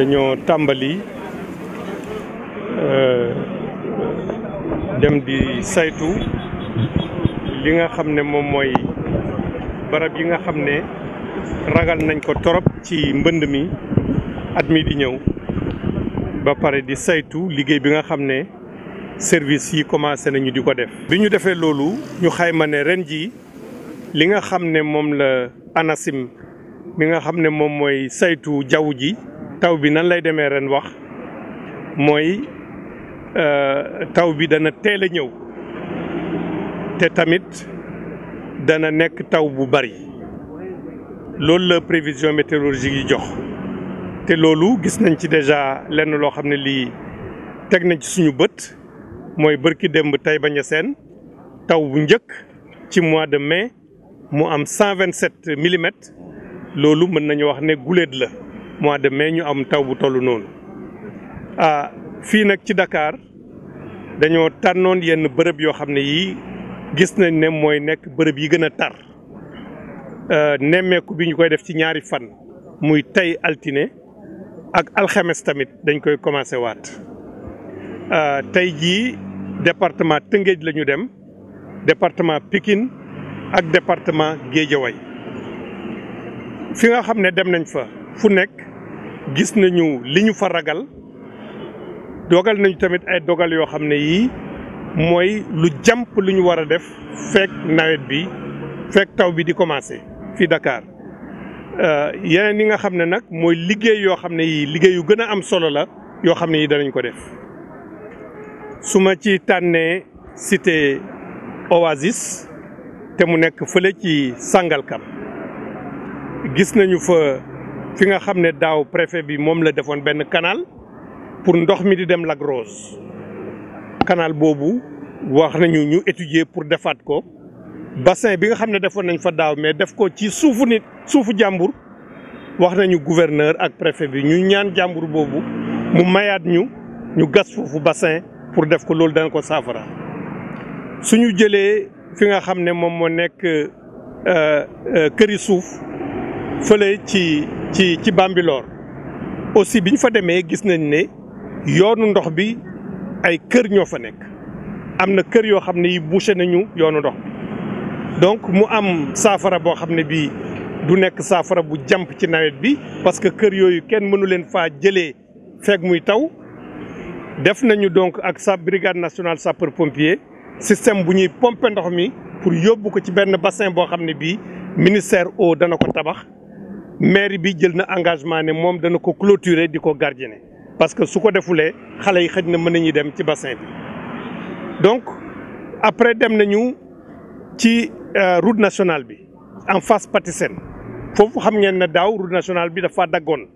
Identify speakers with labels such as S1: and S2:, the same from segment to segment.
S1: dañoo tàmbali euh, dem di saytu li nga xam ne moom mooy barab yi nga xam ne ragal nañ ko torop ci mbënd mi at mi di ñëw ba pare di saytu liggéey bi nga xam ne service yi commencé nañu di ko def bi ñu defee loolu ñu xayma ne ren ji li nga xam ne moom la ANACIM mi nga xam ne moom mooy saytu jaww ji taw bi nan lay demee ren wax mooy euh, taw bi dana teel a ñëw te tamit dana nekk taw bu bari loolu la prévision météorologique yi jox te loolu gis nañ ci déjà lenn loo xam ne lii teg nañ ci suñu bët mooy bërki démb tey bañ a seen taw bu njëkk ci mois de mai mu am cent vingt sept millimètres loolu mën nañu wax ne guléet la mois de mai ñu am taw bu toll noonu ah fii nag ci dakaar dañoo tànnoon yenn bërëb yoo xam ne yii gis nañ ne mooy nekk bërëb yi gën a tar euh, nemmeeku bi ñu koy def ci ñaari fan muy tey altine ak alxames tamit dañ koy commencé waat euh, tey jii département Tëngéej la ñu dem département Pikine ak département géejaway fi nga xam ne dem nañ fa fu nekk gis nañu li ñu fa ragal dogal nañu tamit ay dogal yoo xam ne yii mooy lu jàmp lu ñu war a def fekk nawet bi fekk taw bi di commencé fii Dakar euh, yeneen yi nga xam ne nag mooy liggéey yoo xam ne yii yu gën a am solo la yoo xam ne yii danañ ko def su ma ci tànnee site Oasis te mu nekk fële ci Sangalkam gis nañu fa. fi nga xamné daw préfet bi mom la defoon benn canal pour ndox mi di dem Lac Rose canal bobu wax nañu ñu étudier pour defaat ko bassin bi nga xamné ne nañ fa daw mais def ko ci suufu nit suufu jambour wax nañu gouverneur ak préfet bi ñu ñaan jambour bobu mu mayat ñu ñu gas foofu bassin pour def ko lool dañ ko saafara suñu jëlé fi nga xam ne moom moo euh, euh këri souf fële ci ci ci Bambilor aussi biñ fa démé gis nañ né yoonu ndox bi ay kër ño fa nek amna kër yo xamné yi bouché nañu yoonu ndox donc mu am safara bo xamné bi du nek safara bu jamp ci nawet bi parce que kër yoyu kenn mënu len fa jëlé feeg muy taw def nañu donc ak sa brigade nationale sapeur pompier système bu ñuy pomper ndox mi pour yóbbu ko ci benn bassin bo xamné bi ministère eau dana ko tabax maire bi jël na engagement né mom dana ko clôturer diko ko gardienner parce que suko ko xalé yi xëj mëna ñi dem ci bassin bi donc après dem nañu ci euh, route nationale bi en face Patisen fofu xam ngeen na daw route nationale bi dafa euh daggoon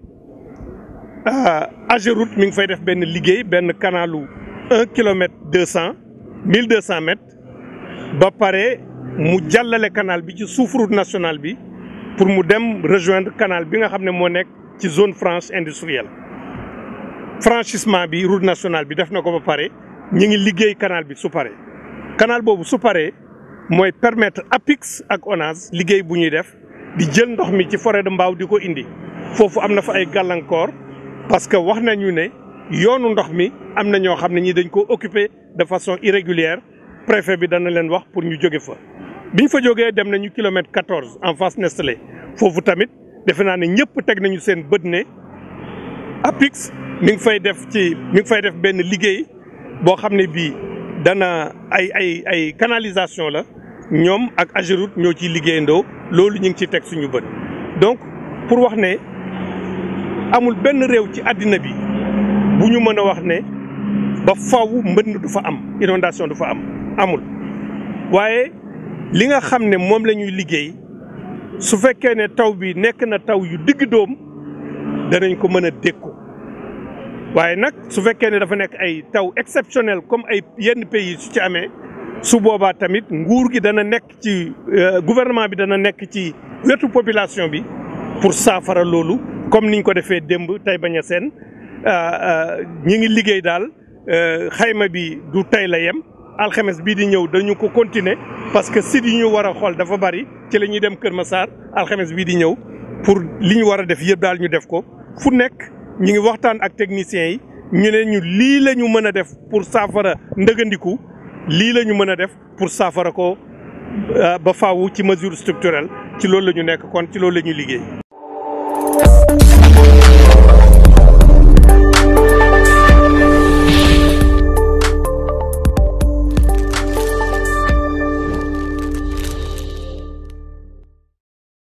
S1: route mi ngi fay def ben liguey ben canalu 1 km 200 1200 mille mètres ba paré mu jallalé canal bi ci suuf route nationale bi pour mu dem rejoindre canal bi nga xamné mo nek ci zone franche industrielle franchissement bi route nationale bi def nako ba paré ñi ngi liggéey canal bi su paré canal bobu su paré moy permettre APIX ak ONAS liggéey bu ñuy def di jël ndox mi ci forêt de mbaw diko indi fofu amna fa ay galancor parce que wax nañu né yoonu ndox mi amna ño xamné ñi dañ ko occuper de façon irrégulière préfet bi dana leen wax pour ñu joggé fa bi fa dem nañu kilomètre en face Nestlé fofu tamit defe nous ne ñëpp nañu seen mi ngi fay def ci mi ngi fay def dana ay ay ay canalisation la ñom ak Ageroute ñoo liggéey loolu ñu ngi suñu donc pour wax ne amul réew ci bi wax né ba faw Il du fa am inondation du fa li nga xam ne moom la ñuy liggéey su fekkee ne taw bi nekk na taw yu digg doom danañ ko mën a dékku waaye nag su fekkee ne dafa nekk ay taw exceptionnel comme ay yenn pays su ci amee su boobaa tamit nguur gi dana nekk ci euh, gouvernement bi dana nekk ci wetu population bi pour saafara loolu comme niñ ko defee démb tey bañ a seen euh, euh, ñi ngi liggéey daal xayma bi du tey la yem alxames bii di ñëw dañu ko continuer parce que sites di ñu war a xool dafa bari ci la ñuy dem Kër Massar alxames bii di ñëw pour li ñu war a def yëpp daal ñu def ko fu nekk ñu ngi waxtaan ak techniciens yi ñu ne ñu lii la ñu mën a def pour saafara ndëgëndiku lii la ñu mën a def pour saafara ko euh, ba faawu ci mesure structurelle ci loolu la ñu nekk kon ci loolu la ñuy liggéey.